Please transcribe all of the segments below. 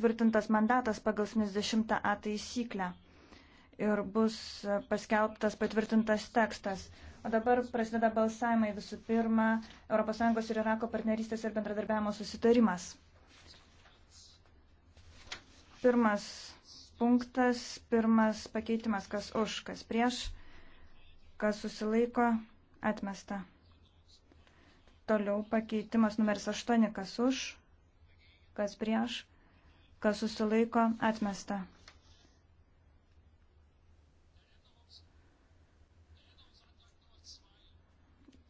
tvirtintas mandatas pagal 70A taisyklę ir bus paskelbtas patvirtintas tekstas. O dabar prasideda balsavimai visų pirma ES ir Irako partnerystės ir bendradarbiavimo susitarimas. Pirmas punktas, pirmas pakeitimas, kas už, kas prieš, kas susilaiko, atmesta. Toliau pakeitimas numeris 8, kas už, kas prieš, kas susilaiko atmesta.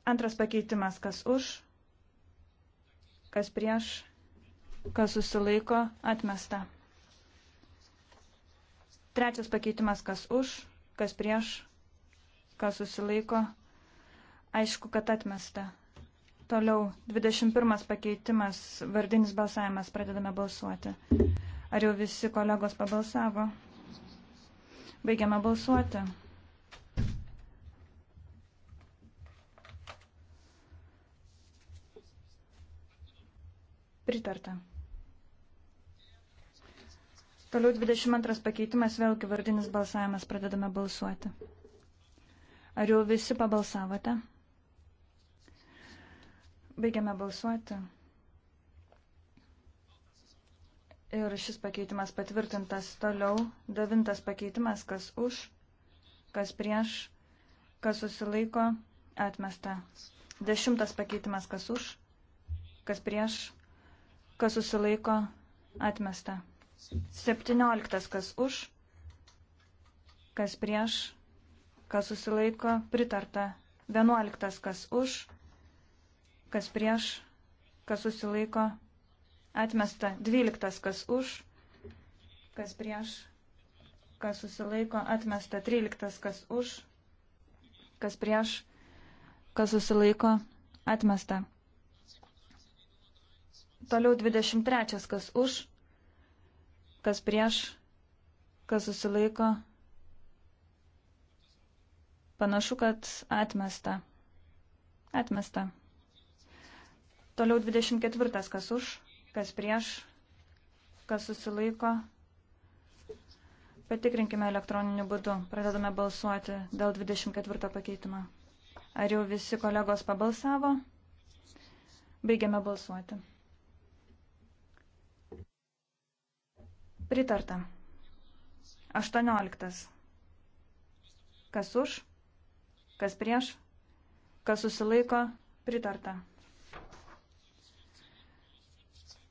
Antras pakeitimas, kas už, kas prieš, kas susilaiko, atmesta. Trečias pakeitimas, kas už, kas prieš, kas susilaiko, aišku, kad atmesta. Toliau 21 pakeitimas, vardinis balsavimas, pradedame balsuoti. Ar jau visi kolegos pabalsavo? Baigiame balsuoti. Pritarta. Toliau 22 pakeitimas, vėlgi vardinis balsavimas, pradedame balsuoti. Ar jau visi pabalsavote? Baigiame balsuoti. Ir šis pakeitimas patvirtintas toliau. Devintas pakeitimas, kas už, kas prieš, kas susilaiko, atmesta. Dešimtas pakeitimas, kas už, kas prieš, kas susilaiko, atmesta. Septynioliktas, kas už, kas prieš, kas susilaiko, pritarta. Vienuoliktas, kas už, kas prieš, kas susilaiko, atmesta. 12, kas už, kas prieš, kas susilaiko, atmesta. 13, kas už, kas prieš, kas susilaiko, atmesta. Toliau 23, kas už, kas prieš, kas susilaiko. Panašu, kad atmesta. Atmesta. Toliau 24. Kas už, kas prieš, kas susilaiko. Patikrinkime elektroniniu būdu. Pradedame balsuoti dėl 24 pakeitimo. Ar jau visi kolegos pabalsavo? Baigiame balsuoti. Pritarta. 18. Kas už, kas prieš, kas susilaiko, pritarta.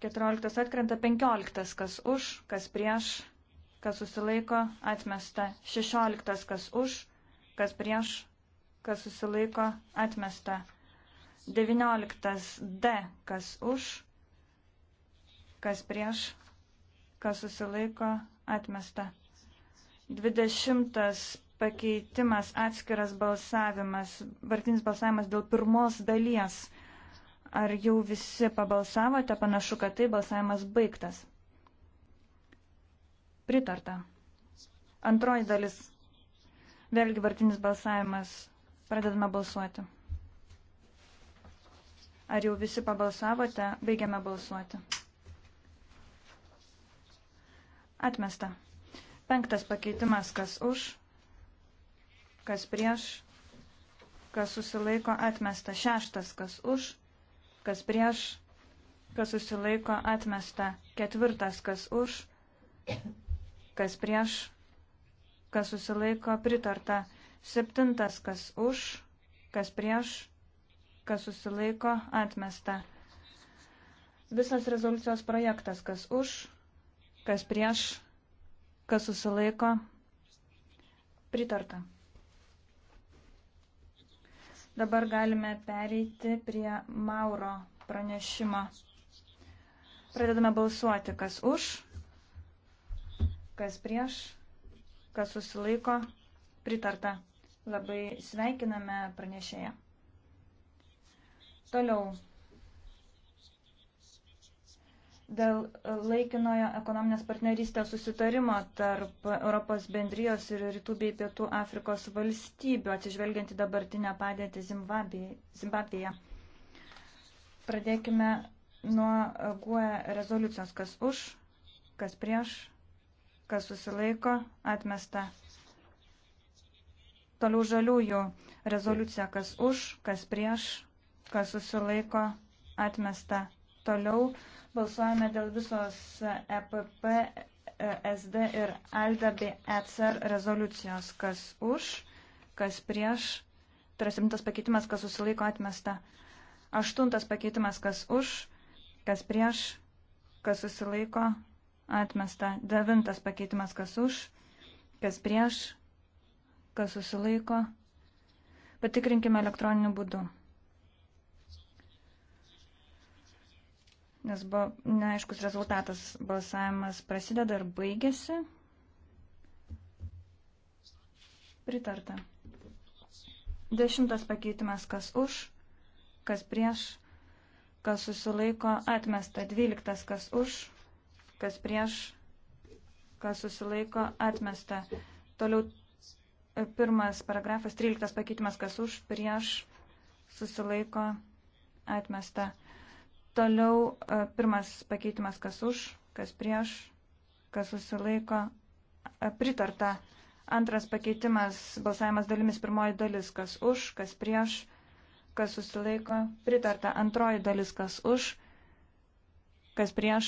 14 atkrenta 15, kas už, kas prieš, kas susilaiko, atmesta 16, kas už, kas prieš, kas susilaiko, atmesta 19 D, kas už, kas prieš, kas susilaiko, atmesta 20 pakeitimas atskiras balsavimas, vartinis balsavimas dėl pirmos dalies Ar jau visi pabalsavote? Panašu, kad tai balsavimas baigtas. Pritarta. Antroji dalis. Vėlgi vartinis balsavimas. Pradedame balsuoti. Ar jau visi pabalsavote? Baigiame balsuoti. Atmesta. Penktas pakeitimas, kas už, kas prieš, kas susilaiko, atmesta. Šeštas, kas už, kas prieš, kas susilaiko atmesta, ketvirtas, kas už, kas prieš, kas susilaiko pritarta, septintas, kas už, kas prieš, kas susilaiko atmesta. Visas rezoliucijos projektas, kas už, kas prieš, kas susilaiko pritarta. Dabar galime pereiti prie Mauro pranešimo. Pradedame balsuoti, kas už, kas prieš, kas susilaiko. Pritarta. Labai sveikiname pranešėją. Toliau dėl laikinojo ekonominės partnerystės susitarimo tarp Europos bendrijos ir rytų bei pietų Afrikos valstybių, atsižvelgiant į dabartinę padėtį Zimbabvėje. Pradėkime nuo GUE rezoliucijos, kas už, kas prieš, kas susilaiko, atmesta. Toliau žaliųjų rezoliucija, kas už, kas prieš, kas susilaiko, atmesta Toliau balsuojame dėl visos EPP, SD ir ALDA bei ECR rezoliucijos. Kas už, kas prieš. Tai yra septintas pakeitimas, kas susilaiko atmesta. Aštuntas pakeitimas, kas už, kas prieš, kas susilaiko atmesta. Devintas pakeitimas, kas už, kas prieš, kas susilaiko. Patikrinkime elektroniniu būdu. nes buvo neaiškus rezultatas. Balsavimas prasideda ir baigėsi. Pritarta. Dešimtas pakeitimas, kas už, kas prieš, kas susilaiko, atmesta. Dvyliktas, kas už, kas prieš, kas susilaiko, atmesta. Toliau e, pirmas paragrafas, tryliktas pakeitimas, kas už, prieš, susilaiko, atmesta. Toliau e, pirmas pakeitimas, kas už, kas prieš, kas susilaiko, e, pritarta. Antras pakeitimas, balsavimas dalimis, pirmoji dalis, kas už, kas prieš, kas susilaiko, pritarta. Antroji dalis, kas už, kas prieš,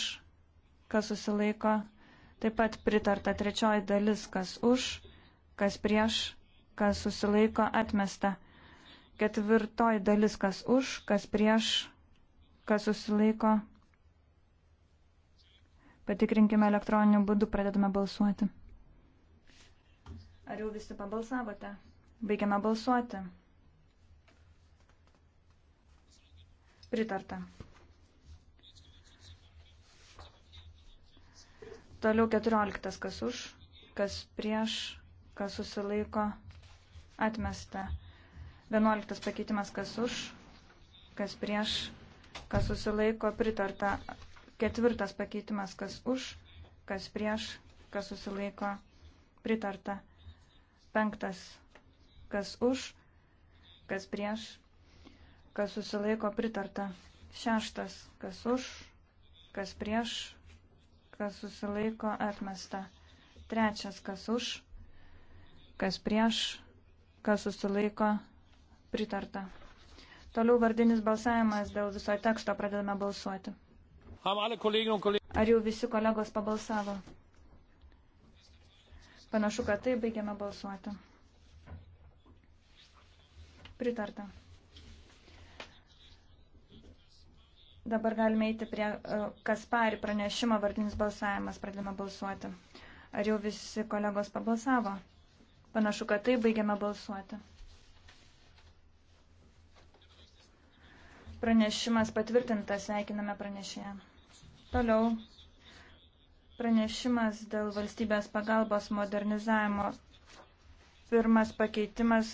kas susilaiko, taip pat pritarta. Trečioji dalis, kas už, kas prieš, kas susilaiko, atmesta ketvirtoji dalis, kas už, kas prieš, kas susilaiko. Patikrinkime elektroniniu būdu, pradedame balsuoti. Ar jau visi pabalsavote? Baigiame balsuoti. Pritarta. Toliau 14. Kas už, kas prieš, kas susilaiko, atmesta. 11. Pakeitimas kas už, kas prieš, kas susilaiko pritarta. Ketvirtas pakeitimas, kas už, kas prieš, kas susilaiko pritarta. Penktas, kas už, kas prieš, kas susilaiko pritarta. Šeštas, kas už, kas prieš, kas susilaiko atmesta. Trečias, kas už, kas prieš, kas susilaiko pritarta. Toliau vardinis balsavimas dėl viso teksto e, pradedame balsuoti. Ar jau visi kolegos pabalsavo? Panašu, kad tai baigiame balsuoti. Pritarta. Dabar galime eiti prie Kasparį pranešimo vardinis balsavimas. Pradėjome balsuoti. Ar jau visi kolegos pabalsavo? Panašu, kad tai baigiame balsuoti. Pranešimas patvirtintas, sveikiname pranešėją. Toliau pranešimas dėl valstybės pagalbos modernizavimo. Pirmas pakeitimas,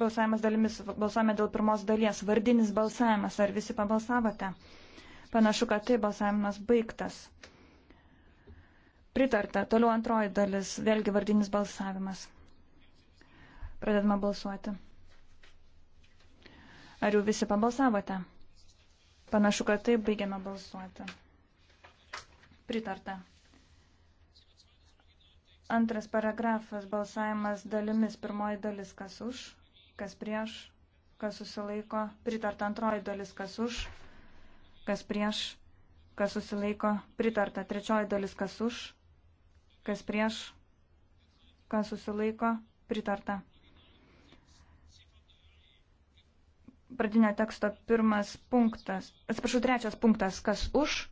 balsavimas dalimis, balsavime dėl pirmos dalies, vardinis balsavimas, ar visi pabalsavote? Panašu, kad tai balsavimas baigtas. Pritarta, toliau antroji dalis, vėlgi vardinis balsavimas. Pradedame balsuoti. Ar jau visi pabalsavote? Panašu, kad taip baigiame balsuoti. Pritarta. Antras paragrafas balsavimas dalimis. Pirmoji dalis kas už, kas prieš, kas susilaiko. Pritarta antroji dalis kas už, kas prieš, kas susilaiko. Pritarta trečioji dalis kas už, kas prieš, kas susilaiko. Pritarta. pradinio teksto pirmas punktas, atsiprašau, trečias punktas, kas už,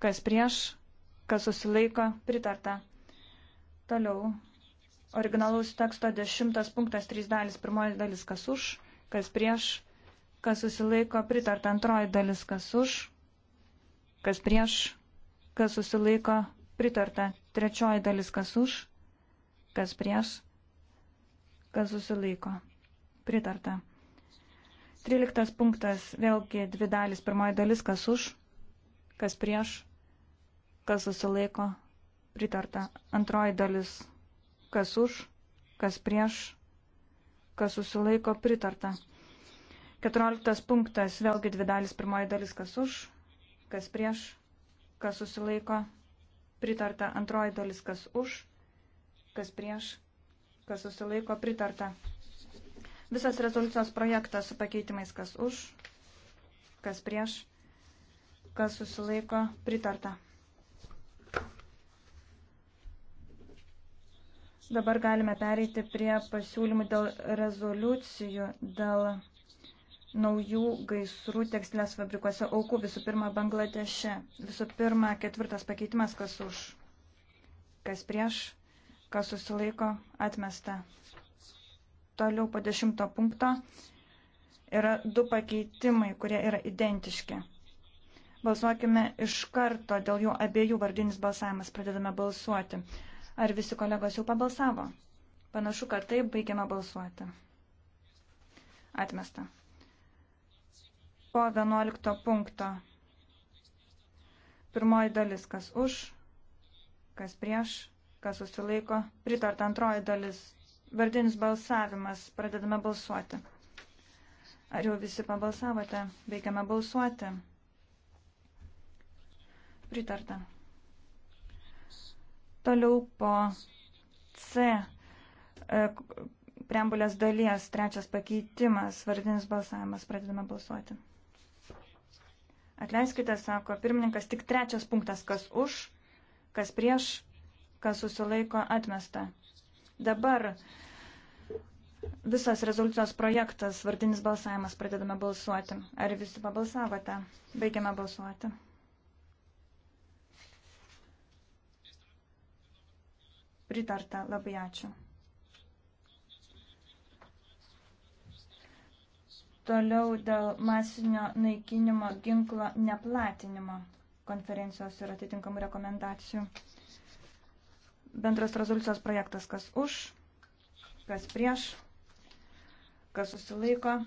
kas prieš, kas susilaiko, pritarta. Toliau, originalaus teksto dešimtas punktas, trys dalis, pirmoji dalis, kas už, kas prieš, kas susilaiko, pritarta. Antroji dalis, kas už, kas prieš, kas susilaiko, pritarta. Trečioji dalis, kas už, kas prieš, kas susilaiko, pritarta. Tryliktas punktas, vėlgi dvi dalis. Pirmoji dalis, kas už, kas prieš, kas susilaiko, pritarta. Antroji dalis, kas už, kas prieš, kas susilaiko, pritarta. Keturioliktas punktas, vėlgi dvi dalis. Pirmoji dalis, kas už, kas prieš, kas susilaiko, pritarta. Antroji dalis, kas už, kas prieš, kas susilaiko, pritarta. Visas rezoliucijos projektas su pakeitimais, kas už, kas prieš, kas susilaiko, pritarta. Dabar galime pereiti prie pasiūlymų dėl rezoliucijų, dėl naujų gaisrų tekstilės fabrikuose aukų, visų pirma, Bangladeše. Visų pirma, ketvirtas pakeitimas, kas už, kas prieš, kas susilaiko, atmesta. Toliau po dešimto punkto yra du pakeitimai, kurie yra identiški. Balsuokime iš karto dėl jų abiejų vardinis balsavimas. Pradedame balsuoti. Ar visi kolegos jau pabalsavo? Panašu, kad taip baigiame balsuoti. Atmesta. Po 11 punkto. Pirmoji dalis, kas už, kas prieš, kas susilaiko. Pritarta antroji dalis, Vardinis balsavimas. Pradedame balsuoti. Ar jau visi pabalsavote? Veikiame balsuoti. Pritarta. Toliau po C e, preambulės dalies trečias pakeitimas, vardinis balsavimas, pradedame balsuoti. Atleiskite, sako pirmininkas, tik trečias punktas, kas už, kas prieš, kas susilaiko atmesta. Dabar visas rezoliucijos projektas, vardinis balsavimas, pradedame balsuoti. Ar visi pabalsavote? Baigiame balsuoti. Pritarta, labai ačiū. Toliau dėl masinio naikinimo ginklo neplatinimo konferencijos ir atitinkamų rekomendacijų. Bendras rezoliucijos projektas, kas už, kas prieš, kas susilaiko,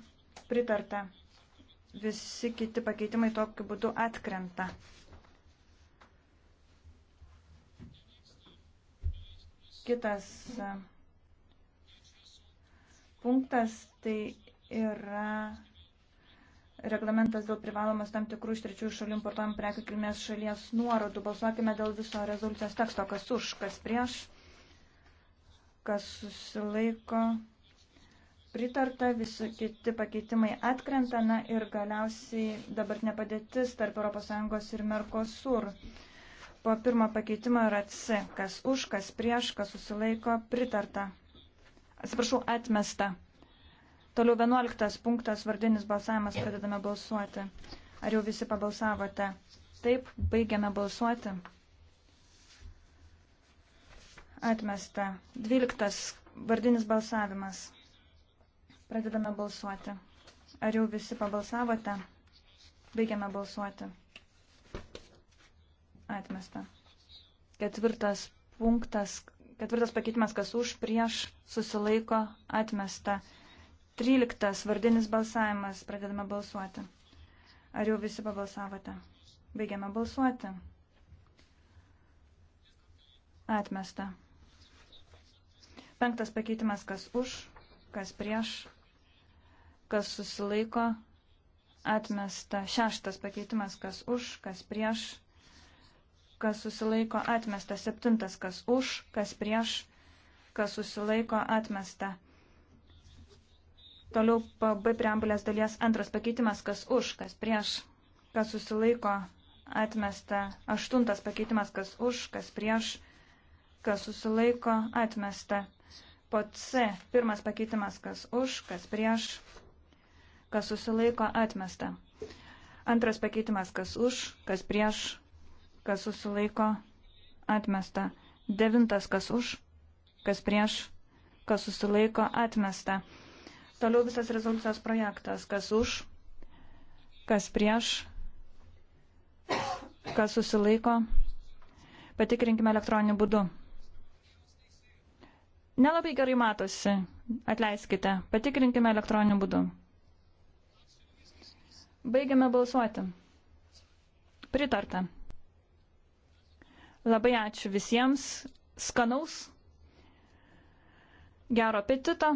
pritarta. Visi kiti pakeitimai tokiu būdu atkrenta. Kitas e, punktas tai yra reglamentas dėl privalomas tam tikrų iš trečiųjų šalių importuojamų prekių kilmės šalies nuorodų. Balsuokime dėl viso rezoliucijos teksto, kas už, kas prieš, kas susilaiko. Pritarta, visi kiti pakeitimai atkrenta, na ir galiausiai dabartinė padėtis tarp ES ir Mercosur. Po pirmo pakeitimo yra C, kas už, kas prieš, kas susilaiko, pritarta. Atsiprašau, atmesta. Toliau 11 punktas, vardinis balsavimas, pradedame balsuoti. Ar jau visi pabalsavote? Taip, baigiame balsuoti. Atmesta. 12 vardinis balsavimas. Pradedame balsuoti. Ar jau visi pabalsavote? Baigiame balsuoti. Atmesta. Ketvirtas punktas, ketvirtas pakeitimas, kas už, prieš, susilaiko, atmesta. 13. Vardinis balsavimas. Pradedame balsuoti. Ar jau visi pabalsavote? Baigiame balsuoti. Atmesta. Penktas pakeitimas, kas už, kas prieš, kas susilaiko. Atmesta. Šeštas pakeitimas, kas už, kas prieš, kas susilaiko. Atmesta. Septintas, kas už, kas prieš, kas susilaiko. Atmesta. Toliau B preambulės dalies antras pakeitimas, kas už, kas prieš, kas susilaiko, atmesta. Aštuntas pakeitimas, kas už, kas prieš, kas susilaiko, atmesta. Po C pirmas pakeitimas, kas už, kas prieš, kas susilaiko, atmesta. Antras pakeitimas, kas už, kas prieš, kas susilaiko, atmesta. Devintas, kas už, kas prieš, kas susilaiko, atmesta. Toliau visas rezoliucijos projektas, kas už, kas prieš, kas susilaiko. Patikrinkime elektroniniu būdu. Nelabai gerai matosi. Atleiskite. Patikrinkime elektroniniu būdu. Baigiame balsuoti. Pritarta. Labai ačiū visiems. Skanaus. Gero apetito.